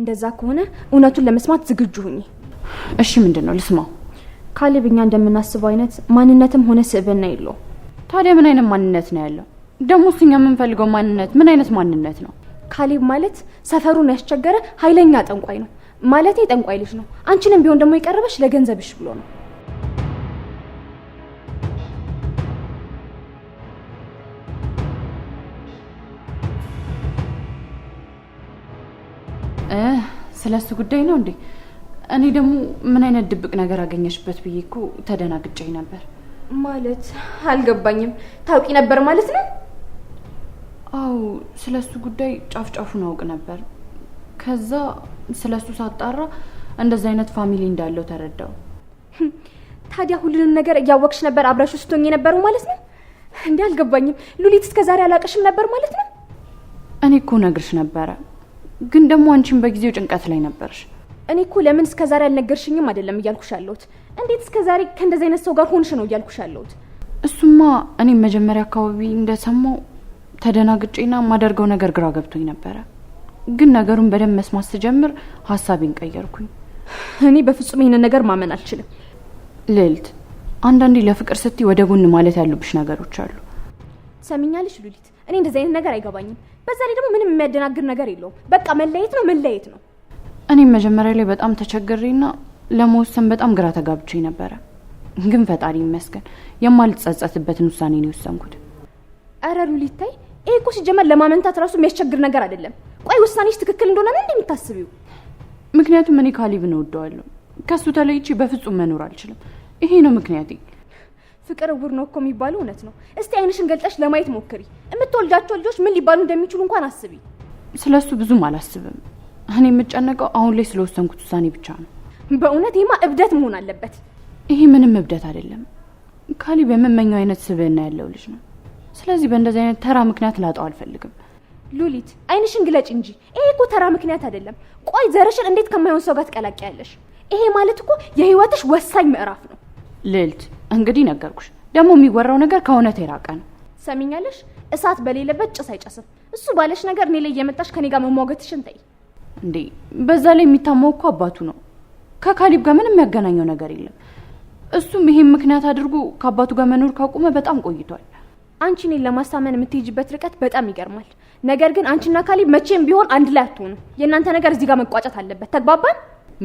እንደዛ ከሆነ እውነቱን ለመስማት ዝግጁ ሁኝ። እሺ፣ ምንድን ነው ልስማው? ካሌብ እኛ እንደምናስበው አይነት ማንነትም ሆነ ስብዕና የለው። ታዲያ ምን አይነት ማንነት ነው ያለው? ደግሞ እሱ እኛ የምንፈልገው ማንነት ምን አይነት ማንነት ነው? ካሌብ ማለት ሰፈሩን ያስቸገረ ኃይለኛ ጠንቋይ ነው። ማለቴ ጠንቋይ ልጅ ነው። አንቺንም ቢሆን ደግሞ የቀረበሽ ለገንዘብሽ ብሎ ነው። ስለ እሱ ጉዳይ ነው እንዴ? እኔ ደግሞ ምን አይነት ድብቅ ነገር አገኘሽበት ብዬ እኮ ተደናግጬ ነበር። ማለት አልገባኝም። ታውቂ ነበር ማለት ነው? አው ስለ እሱ ጉዳይ ጫፍ ጫፉን አውቅ ነበር። ከዛ ስለ እሱ ሳጣራ እንደዚ አይነት ፋሚሊ እንዳለው ተረዳው። ታዲያ ሁሉንም ነገር እያወቅሽ ነበር አብረሹ ስቶኝ የነበረው ማለት ነው? እንዲ አልገባኝም። ሉሊት እስከ ዛሬ አላቀሽም ነበር ማለት ነው? እኔ እኮ ነግርሽ ነበረ ግን ደግሞ አንቺም በጊዜው ጭንቀት ላይ ነበርሽ። እኔ እኮ ለምን እስከዛሬ አልነገርሽኝም አይደለም እያልኩሽ ያለሁት። እንዴት እስከዛሬ ከእንደዚህ አይነት ሰው ጋር ሆንሽ ነው እያልኩሽ ያለሁት። እሱማ እኔ መጀመሪያ አካባቢ እንደሰማው ተደናግጬና የማደርገው ነገር ግራ ገብቶኝ ነበረ። ግን ነገሩን በደንብ መስማት ስጀምር ሀሳቤን ቀየርኩኝ። እኔ በፍጹም ይህንን ነገር ማመን አልችልም። ልልት አንዳንዴ ለፍቅር ስቲ ወደ ጎን ማለት ያሉብሽ ነገሮች አሉ። ሰሚኛልሽ ሉሊት፣ እኔ እንደዚህ አይነት ነገር አይገባኝም። በዛ ላይ ደግሞ ምንም የሚያደናግር ነገር የለውም። በቃ መለየት ነው መለየት ነው። እኔም መጀመሪያ ላይ በጣም ተቸግሬና ለመወሰን በጣም ግራ ተጋብቼ ነበረ። ግን ፈጣሪ ይመስገን የማልጸጸትበትን ውሳኔ ነው የወሰንኩት። አረሩ ሊታይ ይሄ እኮ ሲጀመር ለማመንታት ራሱ የሚያስቸግር ነገር አይደለም። ቆይ ውሳኔች ትክክል እንደሆነ ነው እንደምታስቢው? ምክንያቱም እኔ ካሊብን እወደዋለሁ። ከእሱ ተለይቼ በፍጹም መኖር አልችልም። ይሄ ነው ምክንያቴ። ፍቅር እውር ነው እኮ የሚባለው እውነት ነው። እስቲ አይንሽን ገልጠሽ ለማየት ሞክሪ። የምትወልዳቸው ልጆች ምን ሊባሉ እንደሚችሉ እንኳን አስቢ። ስለ እሱ ብዙም አላስብም። እኔ የምጨነቀው አሁን ላይ ስለወሰንኩት ውሳኔ ብቻ ነው። በእውነት ይህማ እብደት መሆን አለበት። ይሄ ምንም እብደት አይደለም። ካሊ የምመኘው አይነት ስብዕና ያለው ልጅ ነው። ስለዚህ በእንደዚህ አይነት ተራ ምክንያት ላጠው አልፈልግም። ሉሊት አይንሽን ግለጭ እንጂ ይሄ እኮ ተራ ምክንያት አይደለም። ቆይ ዘረሽን እንዴት ከማይሆን ሰው ጋር ትቀላቅያለሽ? ይሄ ማለት እኮ የህይወትሽ ወሳኝ ምዕራፍ ነው። ልልት እንግዲህ ነገርኩሽ። ደግሞ የሚወራው ነገር ከእውነት የራቀ ነው። ሰሚኛለሽ? እሳት በሌለበት ጭስ አይጨስም። እሱ ባለሽ ነገር እኔ ላይ እየመጣሽ ከኔ ጋር መሟገትሽን ተይ እንዴ። በዛ ላይ የሚታማው እኮ አባቱ ነው። ከካሊብ ጋር ምንም ያገናኘው ነገር የለም። እሱም ይሄን ምክንያት አድርጎ ከአባቱ ጋር መኖር ካቆመ በጣም ቆይቷል። አንቺ እኔን ለማሳመን የምትሄጅበት ርቀት በጣም ይገርማል። ነገር ግን አንቺና ካሊብ መቼም ቢሆን አንድ ላይ አትሆኑ። የእናንተ ነገር እዚህ ጋር መቋጨት አለበት። ተግባባን?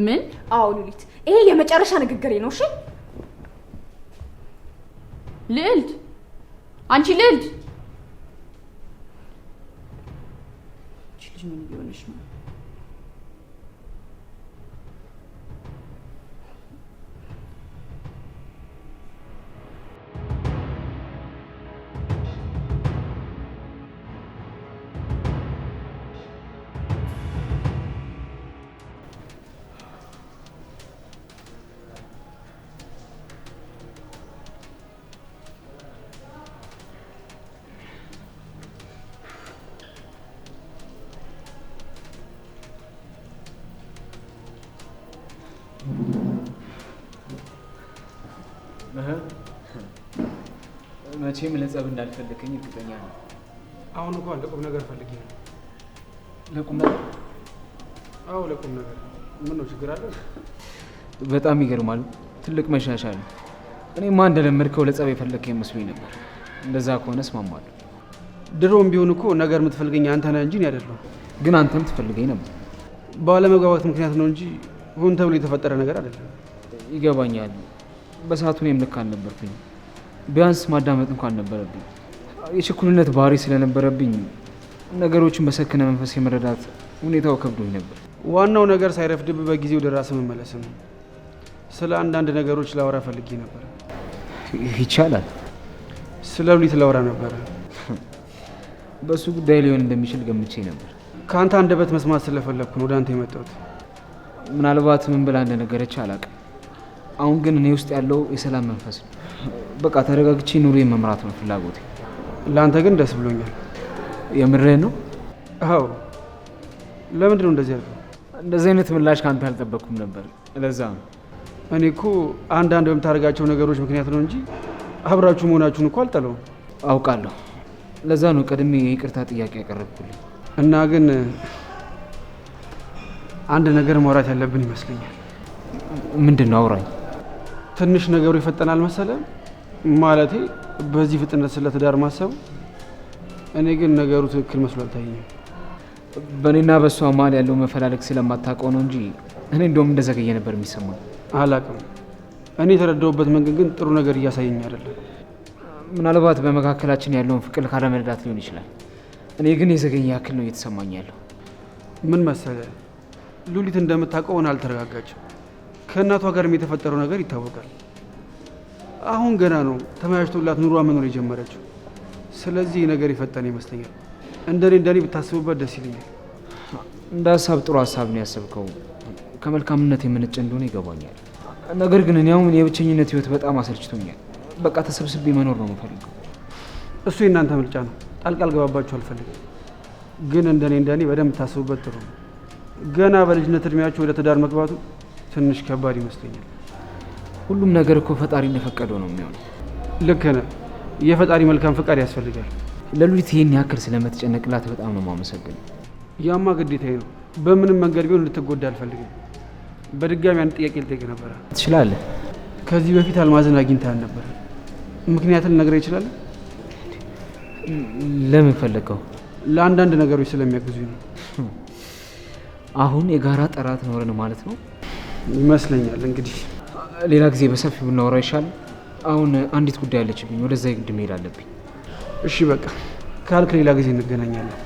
ምን? አዎ ሉሊት፣ ይሄ የመጨረሻ ንግግሬ ነው። እሺ ልዕልት አንቺ ልዕልት ልጅ ምን እየሆነች ነው? መቼም ለጸብ እንዳልፈለከኝ እርግጠኛ ነው። አሁን እንኳን ለቁም ነገር ፈልጌ ነው። ለቁም ነገር? አዎ ለቁም ነገር። ምን ነው ችግር አለ? በጣም ይገርማል። ትልቅ መሻሻል እኔማ እንደለመድከው ለጸብ የፈለግከኝ ይመስሉኝ ነበር። እንደዛ ከሆነ እስማማለሁ። ድሮም ቢሆን እኮ ነገር የምትፈልገኝ አንተ ነህ እንጂ እኔ አይደለሁም። ግን አንተም ትፈልገኝ ነበር። ባለመግባባት ምክንያት ነው እንጂ ሆን ተብሎ የተፈጠረ ነገር አይደለም። ይገባኛል። በሰዓቱ እኔም ልክ አልነበርኩኝ። ቢያንስ ማዳመጥ እንኳን ነበረብኝ። የችኩልነት ባህሪ ስለነበረብኝ ነገሮችን በሰከነ መንፈስ የመረዳት ሁኔታው ከብዶኝ ነበር። ዋናው ነገር ሳይረፍድብ በጊዜው ደራስ መመለስ ነው። ስለ አንዳንድ ነገሮች ላወራ ፈልጌ ነበር። ይቻላል። ስለ ሉሊት ላወራ ነበረ። በእሱ ጉዳይ ሊሆን እንደሚችል ገምቼ ነበር። ከአንተ አንደበት መስማት ስለፈለግኩ ነው ወደ አንተ የመጣሁት። ምናልባት ምን ብላ እንደነገረች አላውቅም። አሁን ግን እኔ ውስጥ ያለው የሰላም መንፈስ ነው። በቃ ተረጋግቼ ኑሮ መምራት ነው ፍላጎቴ። ለአንተ ግን ደስ ብሎኛል። የምሬን ነው። አዎ። ለምንድን ነው እንደዚህ ያልከው? እንደዚህ አይነት ምላሽ ከአንተ አልጠበቅኩም ነበር። ለዛ ነው እኔ እኮ አንዳንድ በምታደርጋቸው ነገሮች ምክንያት ነው እንጂ አብራችሁ መሆናችሁን እኮ አልጠለውም። አውቃለሁ። ለዛ ነው ቀድሜ የይቅርታ ጥያቄ ያቀረብኩልኝ። እና ግን አንድ ነገር ማውራት ያለብን ይመስለኛል። ምንድን ነው? አውራኝ። ትንሽ ነገሩ ይፈጠናል መሰለ ማለቴ በዚህ ፍጥነት ስለ ትዳር ማሰብ እኔ ግን ነገሩ ትክክል መስሎ አልታየኝም። በእኔና በእሷ መሀል ያለው መፈላለግ ስለማታውቀው ነው እንጂ እኔ እንደውም እንደዘገየ ነበር የሚሰማኝ። አላቅም እኔ የተረዳሁበት መንገድ ግን ጥሩ ነገር እያሳየኝ አይደለም። ምናልባት በመካከላችን ያለውን ፍቅር ካለመረዳት ሊሆን ይችላል። እኔ ግን የዘገኝ ያክል ነው እየተሰማኝ ያለው። ምን መሰለ፣ ሉሊት እንደምታውቀው አልተረጋጋችም። ከእናቷ ጋርም የተፈጠረው ነገር ይታወቃል። አሁን ገና ነው ተመያጅቶላት ኑሯ መኖር የጀመረችው። ስለዚህ ነገር ይፈጠን ይመስለኛል። እንደኔ እንደኔ ብታስቡበት ደስ ይለኛል። እንደ ሀሳብ ጥሩ ሀሳብ ነው ያሰብከው። ከመልካምነት የምንጭ እንደሆነ ይገባኛል። ነገር ግን እኔ አሁን የብቸኝነት ህይወት በጣም አሰልችቶኛል። በቃ ተሰብስቤ መኖር ነው የምፈልገው። እሱ የእናንተ ምርጫ ነው። ጣልቃ አልገባባችሁ አልፈልግም። ግን እንደኔ እንደኔ በደንብ ብታስቡበት ጥሩ ነው። ገና በልጅነት እድሜያቸሁ ወደ ትዳር መግባቱ ትንሽ ከባድ ይመስለኛል። ሁሉም ነገር እኮ ፈጣሪ እንደፈቀደው ነው የሚሆነው። ልክ ነህ። የፈጣሪ መልካም ፈቃድ ያስፈልጋል። ለሉሊት ይህን ያክል ስለምትጨነቅላት በጣም ነው ማመሰግን። ያማ ግዴታዬ ነው። በምንም መንገድ ቢሆን ልትጎዳ አልፈልግም። በድጋሚ አንድ ጥያቄ ልጠይቅህ ነበረ። ትችላለህ። ከዚህ በፊት አልማዝን አግኝታ ነበር። ምክንያትን ልነግርህ ይችላል? ለምን ፈለገው? ለአንዳንድ ነገሮች ስለሚያግዙ ነው። አሁን የጋራ ጠራት ኖረን ማለት ነው ይመስለኛል እንግዲህ ሌላ ጊዜ በሰፊ ብናወራ ይሻል። አሁን አንዲት ጉዳይ አለችብኝ፣ ወደዛ የግድ መሄድ አለብኝ። እሺ በቃ ካልክ ሌላ ጊዜ እንገናኛለን።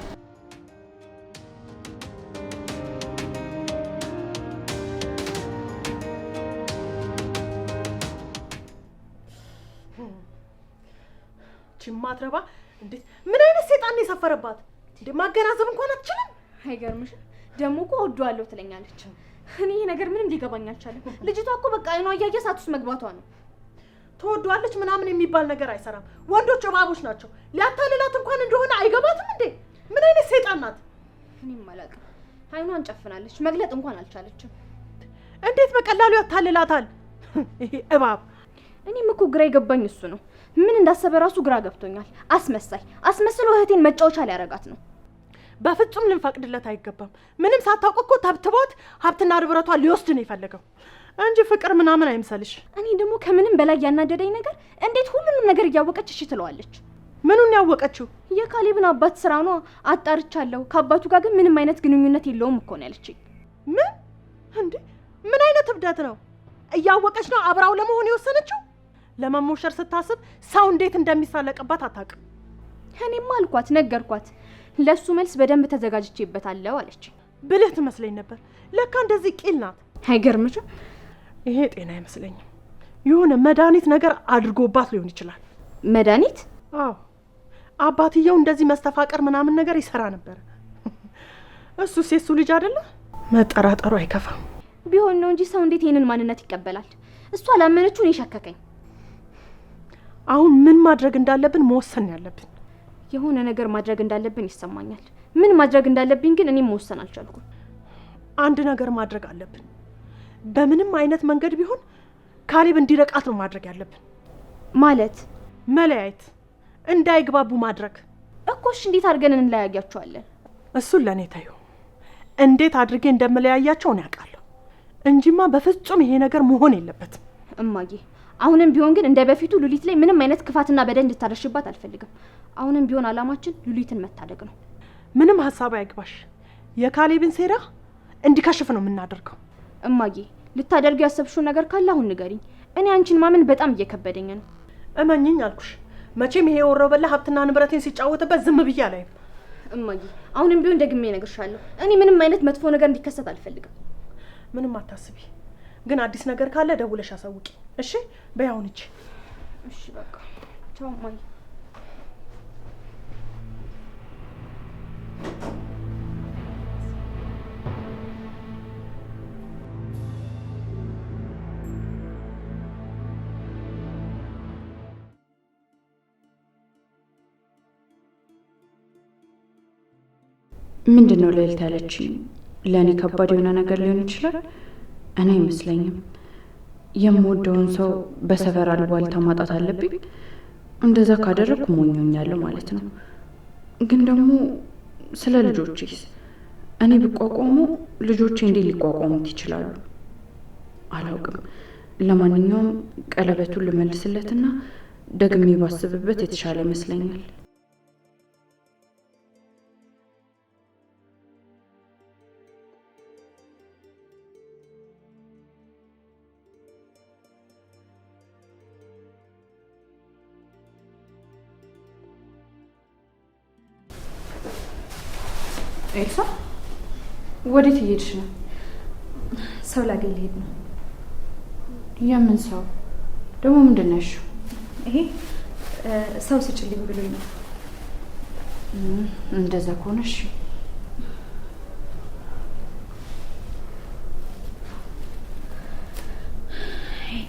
ማትረባ እንዴት! ምን አይነት ሴጣን ነው የሰፈረባት? እንደ ማገናዘብ እንኳን አትችልም። አይገርምሽም? ደግሞ እኮ እወደዋለሁ ትለኛለች። እኔ ይሄ ነገር ምንም ሊገባኝ አልቻለም። ልጅቷ እኮ በቃ አይኗ እያየ እሳት ውስጥ መግባቷ ነው። ተወዷለች ምናምን የሚባል ነገር አይሰራም። ወንዶች እባቦች ናቸው። ሊያታልላት እንኳን እንደሆነ አይገባትም እንዴ! ምን አይነት ሰይጣን ናት? እኔም አላውቅም። አይኗን ጨፍናለች፣ መግለጥ እንኳን አልቻለችም። እንዴት በቀላሉ ያታልላታል ይሄ እባብ? እኔም እኮ ግራ የገባኝ እሱ ነው። ምን እንዳሰበ ራሱ ግራ ገብቶኛል። አስመሳይ አስመስሎ እህቴን መጫወቻ ሊያረጋት ነው። በፍጹም ልንፈቅድለት አይገባም። ምንም ሳታውቅ እኮ ተብትቦት ሀብትና ንብረቷን ሊወስድ ነው የፈለገው እንጂ ፍቅር ምናምን አይምሰልሽ። እኔ ደግሞ ከምንም በላይ ያናደደኝ ነገር እንዴት ሁሉንም ነገር እያወቀች እሺ ትለዋለች? ምኑን ያወቀችው? የካሌብን አባት ስራ ነው አጣርቻለሁ፣ ከአባቱ ጋር ግን ምንም አይነት ግንኙነት የለውም እኮ ነው ያለችኝ። ምን እንዴ! ምን አይነት እብደት ነው? እያወቀች ነው አብራው ለመሆን የወሰነችው። ለመሞሸር ስታስብ ሰው እንዴት እንደሚሳለቅባት አታውቅም። እኔም አልኳት፣ ነገርኳት ለእሱ መልስ በደንብ ተዘጋጅቼበታለሁ አለች። ብልህ ትመስለኝ ነበር፣ ለካ እንደዚህ ቂል ናት። አይገርምሽም? ይሄ ጤና አይመስለኝም። የሆነ መድኃኒት ነገር አድርጎባት ሊሆን ይችላል። መድኃኒት? አዎ፣ አባትየው እንደዚህ መስተፋቀር ምናምን ነገር ይሰራ ነበር። እሱ ሴሱ ልጅ አይደለ? መጠራጠሩ አይከፋም። ቢሆን ነው እንጂ ሰው እንዴት ይህንን ማንነት ይቀበላል? እሱ አላመነችውን የሸከከኝ። አሁን ምን ማድረግ እንዳለብን መወሰን ያለብን የሆነ ነገር ማድረግ እንዳለብን ይሰማኛል። ምን ማድረግ እንዳለብኝ ግን እኔም መወሰን አልቻልኩም። አንድ ነገር ማድረግ አለብን። በምንም አይነት መንገድ ቢሆን ካሌብ እንዲረቃት ነው ማድረግ ያለብን። ማለት መለያየት፣ እንዳይግባቡ ማድረግ እኮሽ። እንዴት አድርገን እንለያያቸዋለን? እሱን ለእኔ ታዩ። እንዴት አድርጌ እንደምለያያቸው ያውቃለሁ እንጂማ በፍጹም ይሄ ነገር መሆን የለበትም እማጌ። አሁንም ቢሆን ግን እንደ በፊቱ ሉሊት ላይ ምንም አይነት ክፋትና በደል እንድታደርሽባት አልፈልግም። አሁንም ቢሆን አላማችን ሉሊትን መታደግ ነው። ምንም ሀሳብ አያግባሽ። የካሌብን ሴራ እንዲከሽፍ ነው የምናደርገው። እማዬ ልታደርገው ያሰብሽው ነገር ካለ አሁን ንገሪኝ። እኔ አንቺን ማመን በጣም እየከበደኝ ነው። እመኝኝ አልኩሽ። መቼም ይሄ ወሮበላ ሀብትና ንብረቴን ሲጫወትበት ዝም ብዬ አላይም። እማዬ አሁንም ቢሆን ደግሜ እነግርሻለሁ፣ እኔ ምንም አይነት መጥፎ ነገር እንዲከሰት አልፈልግም። ምንም አታስቢ። ግን አዲስ ነገር ካለ ደውለሽ አሳውቂ። እሺ በያውን እጅ። እሺ በቃ ቻው ማይ ምንድን ነው ልዕልት ያለችኝ? ለእኔ ከባድ የሆነ ነገር ሊሆን ይችላል እኔ አይመስለኝም። የምወደውን ሰው በሰፈር አልባልታ ማጣት አለብኝ? እንደዛ ካደረግኩ ሞኞኛለሁ ማለት ነው። ግን ደግሞ ስለ ልጆችስ እኔ ብቋቋሙ ልጆቼ እንዴት ሊቋቋሙት ይችላሉ? አላውቅም። ለማንኛውም ቀለበቱን ልመልስለትና ደግሜ ባስብበት የተሻለ ይመስለኛል። ወዴት እየሄድሽ ነው? ሰው ላገኝ ልሄድ ነው። የምን ሰው ደግሞ? ምንድን ነሽ? ይሄ ሰው ስጭልኝ ብሎኝ ነው። እንደዛ ከሆነ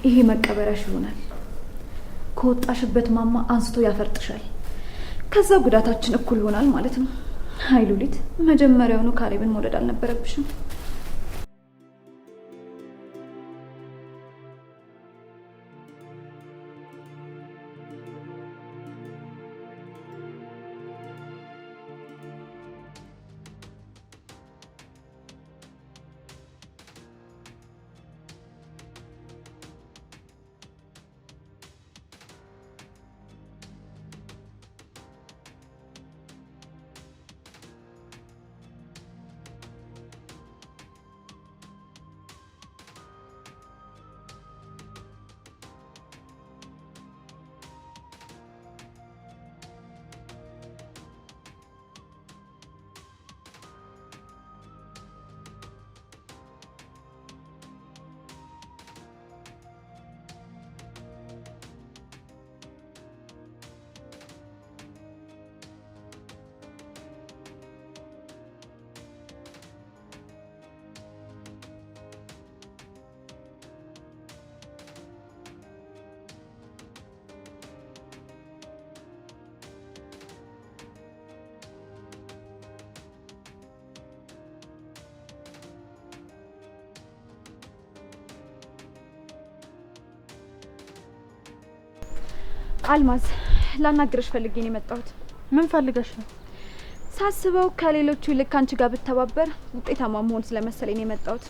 ይሄ መቀበሪያሽ ይሆናል። ከወጣሽበት ማማ አንስቶ ያፈርጥሻል። ከዛ ጉዳታችን እኩል ይሆናል ማለት ነው። ሀይ ሉሊት፣ መጀመሪያውኑ ካሌብን መውደድ አልነበረብሽም። አልማዝ ላናግረሽ ፈልጌ ነው የመጣሁት። ምን ፈልገሽ ነው? ሳስበው ከሌሎቹ ይልቅ አንቺ ጋር ብተባበር ውጤታማ መሆን ስለመሰለኝ ነው የመጣሁት።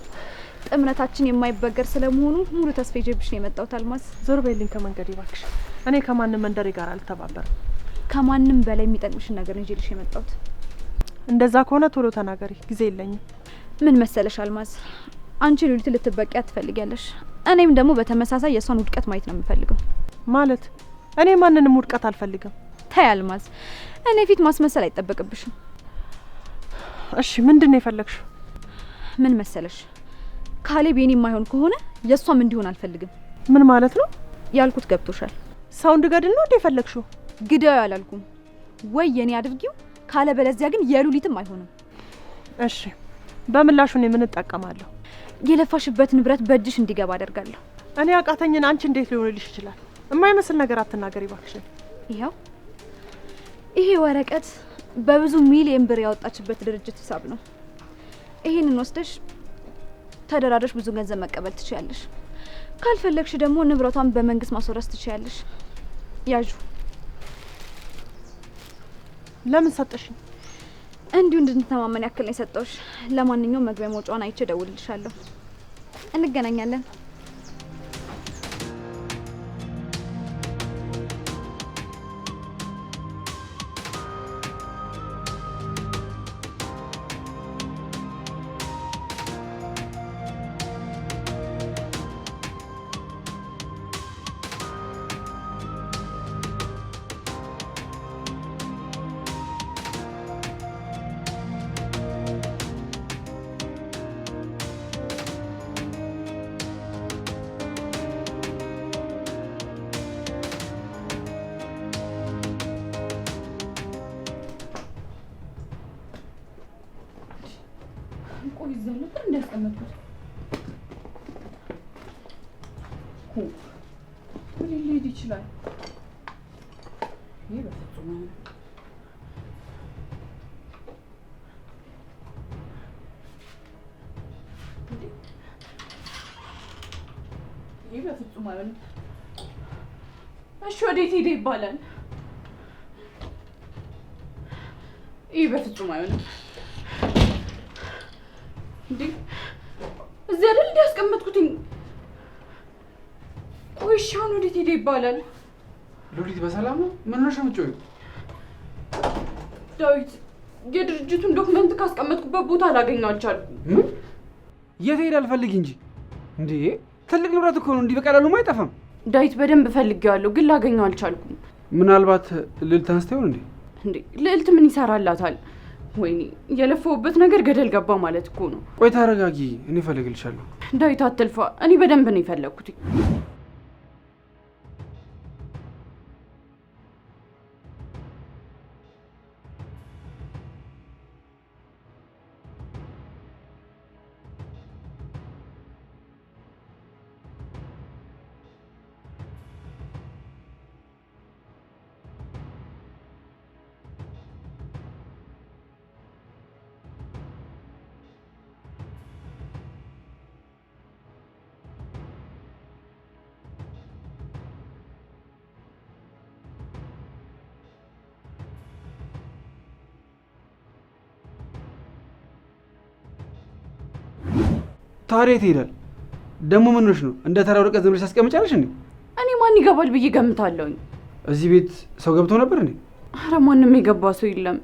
ጥምረታችን የማይበገር ስለመሆኑ ሙሉ ተስፋ ይዤብሽ ነው የመጣሁት። አልማዝ ዞር በይልኝ ከመንገድ ይባክሽ። እኔ ከማንም መንደሬ ጋር አልተባበርም። ከማንም በላይ የሚጠቅምሽን ነገር ነው ይዤልሽ የመጣሁት። እንደዛ ከሆነ ቶሎ ተናገሪ፣ ጊዜ የለኝም። ምን መሰለሽ አልማዝ አንቺ ሉሊት ልትበቂያ ትፈልጊያለሽ። እኔም ደግሞ በተመሳሳይ የእሷን ውድቀት ማየት ነው የምፈልገው ማለት እኔ ማንንም ውድቀት አልፈልግም። ታይ አልማዝ፣ እኔ ፊት ማስመሰል አይጠበቅብሽም። እሺ ምንድን ነው የፈለግሽው? ምን መሰለሽ፣ ካሌብ የኔ የማይሆን ከሆነ የእሷም እንዲሆን አልፈልግም። ምን ማለት ነው? ያልኩት ገብቶሻል። ሰው እንድገድል ነው እንደ የፈለግሽው? ግዳዩ አላልኩም ወይ የኔ አድርጊው፣ ካለበለዚያ ግን የሉሊትም አይሆንም። እሺ በምላሹ እኔ ምን እጠቀማለሁ? የለፋሽበት ንብረት በእጅሽ እንዲገባ አደርጋለሁ። እኔ አቃተኝን አንቺ እንዴት ሊሆንልሽ ይችላል? የማይመስል ነገር አትናገሪ እባክሽን። ይኸው ይሄ ወረቀት በብዙ ሚሊዮን ብር ያወጣችበት ድርጅት ሂሳብ ነው። ይህንን ወስደሽ ተደራደሽ ብዙ ገንዘብ መቀበል ትችያለሽ። ካልፈለግሽ ደግሞ ንብረቷን በመንግስት ማስወረስ ትችያለሽ። ያዡ። ለምን ሰጠሽኝ? እንዲሁ እንድንተማመን ያክል ነው የሰጠውሽ። ለማንኛውም መግቢያ መውጫዋን አይቼ ደውልልሻለሁ። እንገናኛለን። ይህ በፍጹም አይሆንም። እሺ፣ ወዴት ሄደ ይባላል? ይህ በፍጹም አይሆንም። እንዴ እዚህ አይደል እንዲ ያስቀመጥኩትኝ? ቆይ እሺ፣ አሁን ወዴት ሄደ ይባላል? ሉሊት በሰላም ነው? ምን ነው የምትጮይው? ዳዊት የድርጅቱን ዶክመንት ካስቀመጥኩበት ቦታ አላገኘኋቸውም። የት ሄደ? አልፈልጊ እንጂ እንዴ ትልቅ ንብረት እኮ ነው፣ እንዲህ በቀላሉ አይጠፋም። ዳዊት በደንብ እፈልጌዋለሁ፣ ግን ላገኘው አልቻልኩም። ምናልባት ልዕልት አንስታ ይሆን እንዴ? እንዴ ልዕልት ምን ይሰራላታል? ወይኔ የለፈውበት ነገር ገደል ገባ ማለት እኮ ነው። ቆይ ታረጋጊ፣ እኔ እፈልግልሻለሁ። ዳዊት አትልፋ፣ እኔ በደንብ ነው የፈለግኩት። ታሬት ይላል። ደግሞ? ምንሽ ነው እንደ ተራ ወረቀት ዝም ብለሽ ታስቀምጫለሽ እንዴ? እኔ ማን ይገባል ብዬ ገምታለሁኝ። እዚህ ቤት ሰው ገብቶ ነበር እንዴ? አረ ማንም የገባ ሰው የለም።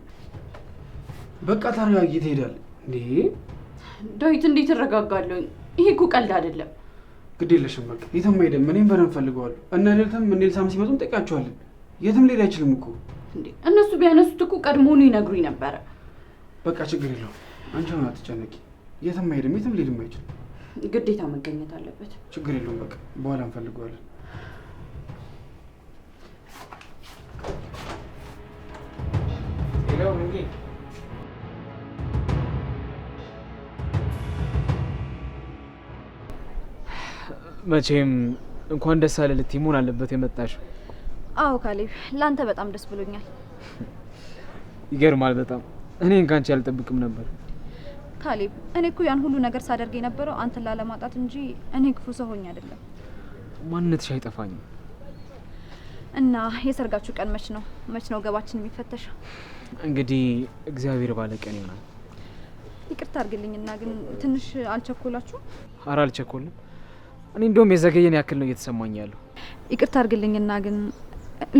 በቃ ታረጋጊ። ትሄዳል እንዴ? ዳዊት እንዴት እረጋጋለሁኝ? ይሄ እኮ ቀልድ አይደለም። ግድ የለሽም በቃ የትም አይደለም። እኔም በደንብ ፈልገዋለሁ እና ሌልትም እኔ ልሳም ሲመጡም ጠቂያቸዋለን። የትም ሌላ አይችልም እኮ እነሱ ቢያነሱት እኮ ቀድሞውኑ ይነግሩኝ ነበረ። በቃ ችግር የለውም። አንቺ ሆና አትጨነቂ። የትም አይሄድም፣ የትም ሊሄድም አይችልም። ግዴታ መገኘት አለበት። ችግር የለውም። በቃ በኋላ እንፈልገዋለን። መቼም እንኳን ደስ አለ ልትይ መሆን አለበት የመጣሽ። አዎ ካሌብ፣ ለአንተ በጣም ደስ ብሎኛል። ይገርማል በጣም እኔ እንካንቺ አልጠብቅም ነበር። ካሌብ፣ እኔ እኮ ያን ሁሉ ነገር ሳደርግ የነበረው አንተን ላለማጣት እንጂ እኔ ክፉ ሰው ሆኜ አይደለም። ማንነትሽ አይጠፋኝም። እና የሰርጋችሁ ቀን መች ነው? መች ነው ገባችን የሚፈተሸው? እንግዲህ እግዚአብሔር ባለ ቀን ይሆናል። ይቅርታ አድርግልኝና ግን ትንሽ አልቸኮላችሁ? አረ አልቸኮልም። እኔ እንደውም የዘገየን ያክል ነው እየተሰማኝ ያለሁ ይቅርታ አድርግልኝና ግን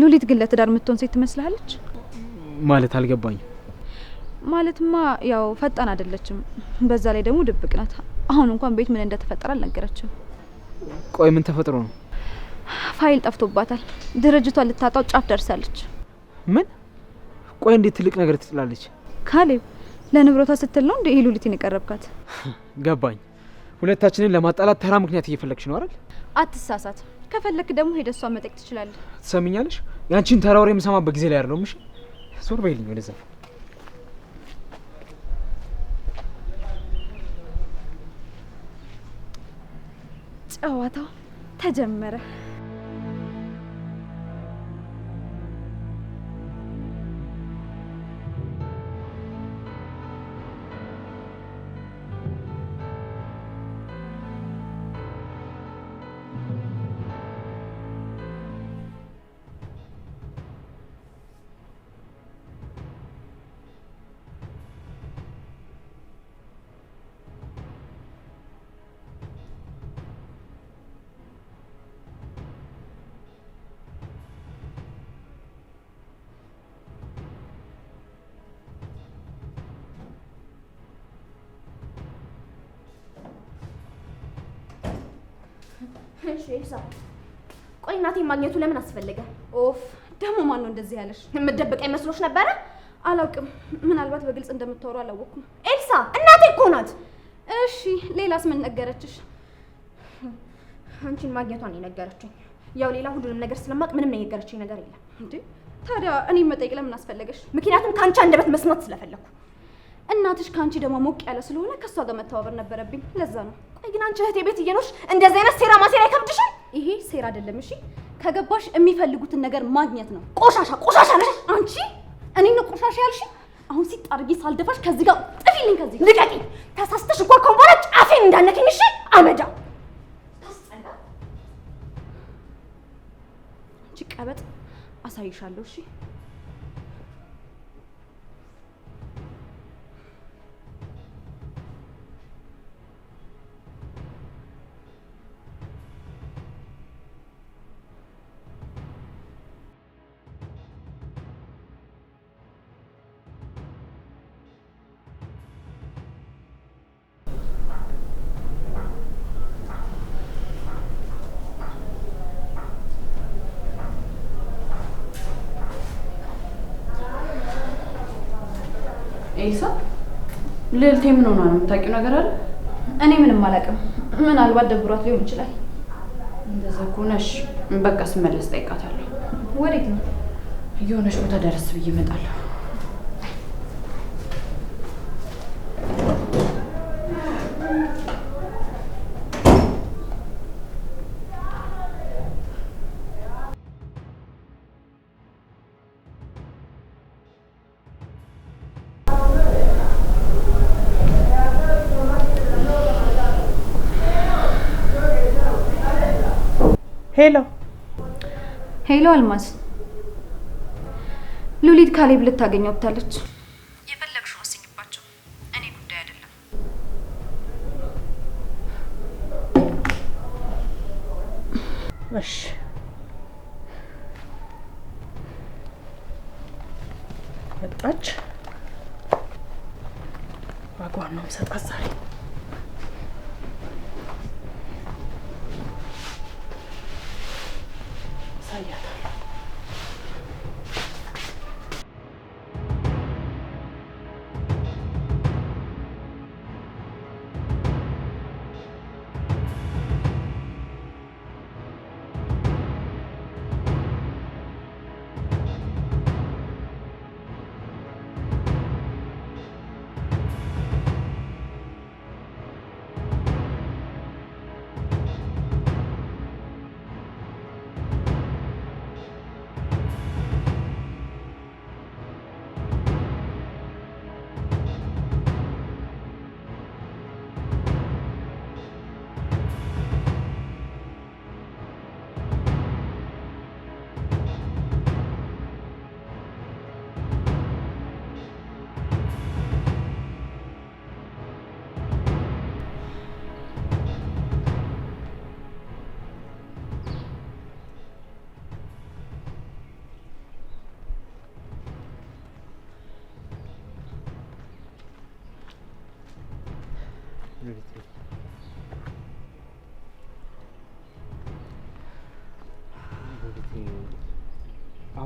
ሉሊት ግን ለትዳር የምትሆን ሴት ትመስልሃለች? ማለት አልገባኝም። ማለትማ ያው ፈጣን አይደለችም። በዛ ላይ ደግሞ ድብቅ ናት። አሁን እንኳን ቤት ምን እንደተፈጠረ አልነገረችም። ቆይ ምን ተፈጥሮ ነው? ፋይል ጠፍቶባታል። ድርጅቷ ልታጣው ጫፍ ደርሳለች። ምን? ቆይ እንዴት ትልቅ ነገር ትጥላለች? ካሌብ ለንብረቷ ስትል ነው እንደ ሉሊትን የቀረብካት? ገባኝ። ሁለታችንን ለማጣላት ተራ ምክንያት እየፈለግሽ ነው አይደል? አትሳሳት። ከፈለክ ደግሞ ሄደ እሷ መጠየቅ ትችላለህ። ያንቺን ተራ ወሬ የምሰማበት ጊዜ ላይ አይደለሁም። እሺ ዞር በይልኝ ወደዛ ጨዋታው ተጀመረ። ቆይ እናቴ ማግኘቱ ለምን አስፈለገ? ኦፍ ደግሞ ማን ነው እንደዚህ ያለሽ? የምደብቀ ይመስሎች ነበረ? አላውቅም። ምናልባት በግልጽ እንደምታወሩ አላወቅኩም። ኤልሳ እናቴ እኮ ናት። እሺ ሌላስ ምን ነገረችሽ? አንቺን ማግኘቷን የነገረችኝ። ያው ሌላ ሁሉንም ነገር ስለማቅ ምንም የነገረችኝ ነገር የለም። እንዴ ታዲያ እኔ መጠየቅ ለምን አስፈለገሽ? ምክንያቱም ከአንቺ አንደበት መስማት ስለፈለግኩ። እናትሽ ከአንቺ ደግሞ ሞቅ ያለ ስለሆነ ከእሷ ጋር መተባበር ነበረብኝ። ለዛ ነው። ቆይ ግን አንቺ እህቴ ቤት እየኖርሽ እንደዚህ አይነት ሴራ ማሴር ይከብድሻል? ይሄ ሴራ አይደለም። እሺ ከገባሽ የሚፈልጉትን ነገር ማግኘት ነው። ቆሻሻ ቆሻሻ ነሽ አንቺ። እኔ ነው ቆሻሻ ያልሽ? አሁን ሲጣርጊ ሳልደፋሽ ከዚህ ጋር ጥፊልኝ፣ ከዚህ ልቀቂ። ተሳስተሽ እኮ ከሆነ በኋላ ጫፌን እንዳነኪኝ። እሺ አመጃ አንቺ ቀበጥ አሳይሻለሁ። እሺ ኤልሳ ልዕልቴ ምን ሆኗ ነው? የምታውቂው ነገር አለ? እኔ ምንም አላውቅም። ምናልባት ደብሯት ሊሆን ይችላል። እንደዛ ከሆነሽ በቃ ስመለስ ጠይቃታለሁ። ወዴት ነው? የሆነች ቦታ ደረስ ብዬ እመጣለሁ። ሄሎ ሄሎ፣ አልማዝ ሉሊት ካሌብ ልታገኘው ወጥታለች።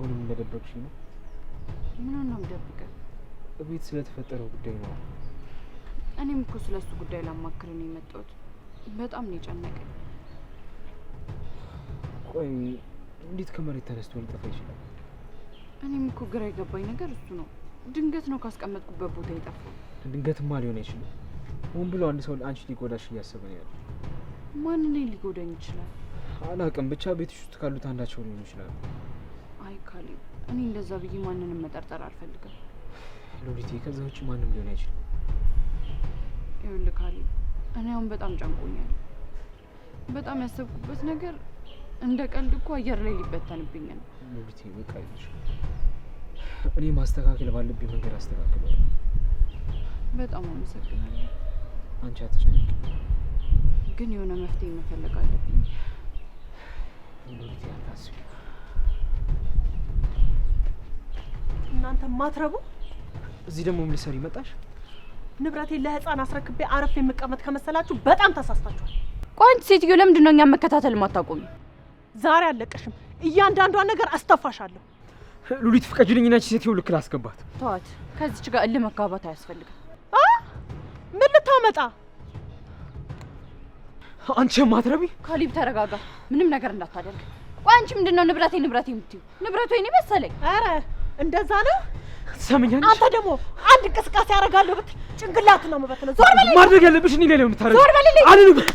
አሁንም እንደደበቅሽ ነው? ምን ነው የምደብቀው? እቤት ስለተፈጠረው ጉዳይ ነው። እኔም እኮ ስለ እሱ ጉዳይ ላማክር ነው የመጣሁት። በጣም ነው የጨነቀኝ። ቆይ እንዴት ከመሬት ተነስቶ ሊጠፋ ይችላል? እኔም እኮ ግራ የገባኝ ነገር እሱ ነው። ድንገት ነው ካስቀመጥኩበት ቦታ የጠፋው። ድንገትማ ሊሆን አይችልም። ሆን ብሎ አንድ ሰው አንቺ ሊጎዳሽ እያሰበ ነው ያለው። ማን እኔን ሊጎዳኝ ይችላል? አላውቅም። ብቻ ቤትሽ ውስጥ ካሉት አንዳቸው ሊሆን ይችላል። እኔ እንደዛ ብዬ ማንንም መጠርጠር አልፈልግም። ሎሊቴ፣ ከዛ ውጭ ማንም ሊሆን አይችልም። ይኸውልህ ካሌብ፣ እኔ አሁን በጣም ጨንቆኛል። በጣም ያሰብኩበት ነገር እንደ ቀልድ እኮ አየር ላይ ሊበተንብኝ ነው። ሎሊቴ፣ በቃ እኔ ማስተካከል ባለብኝ መንገድ አስተካክላለሁ። በጣም አመሰግናለሁ። አንቺ አትጨነቂ፣ ግን የሆነ መፍትሄ መፈለግ አለብኝ። ሎሊቴ፣ አታስቢ እናንተ ማትረቡ እዚህ ደግሞ ምን ሰሪ መጣሽ? ንብረቴን ለህፃን አስረክቤ አረፍ የምቀመጥ ከመሰላችሁ በጣም ተሳስታችኋል። ቆይ ሴትዮ ለምንድን ነው እኛም መከታተል ማታቆሚ? ዛሬ አለቀሽም፣ እያንዳንዷን ነገር አስተፋሻለሁ። ሉሊት ፍቀጅልኝ፣ ናች ሴትዮ ልክ ላስገባት። ተዋት፣ ከዚች ጋር እልህ መጋባት አያስፈልግም። ምን ልታመጣ አንቺ ማትረቢ። ካሊብ ተረጋጋ፣ ምንም ነገር እንዳታደርግ። ቆይ አንቺ ንብረቴ ንብረቴ የምትዩ? ንብረቱ የኔ መሰለኝ። ኧረ እንደዛ ነው። ትሰምኛለሽ? አንተ ደግሞ አንድ እንቅስቃሴ አደርጋለሁ ብት ጭንቅላት ነው የምበትነው። ዞር በልልኝ። ማድረግ ያለብሽ እኔ ላይ ነው የምታደርጊው። ዞር በልልኝ።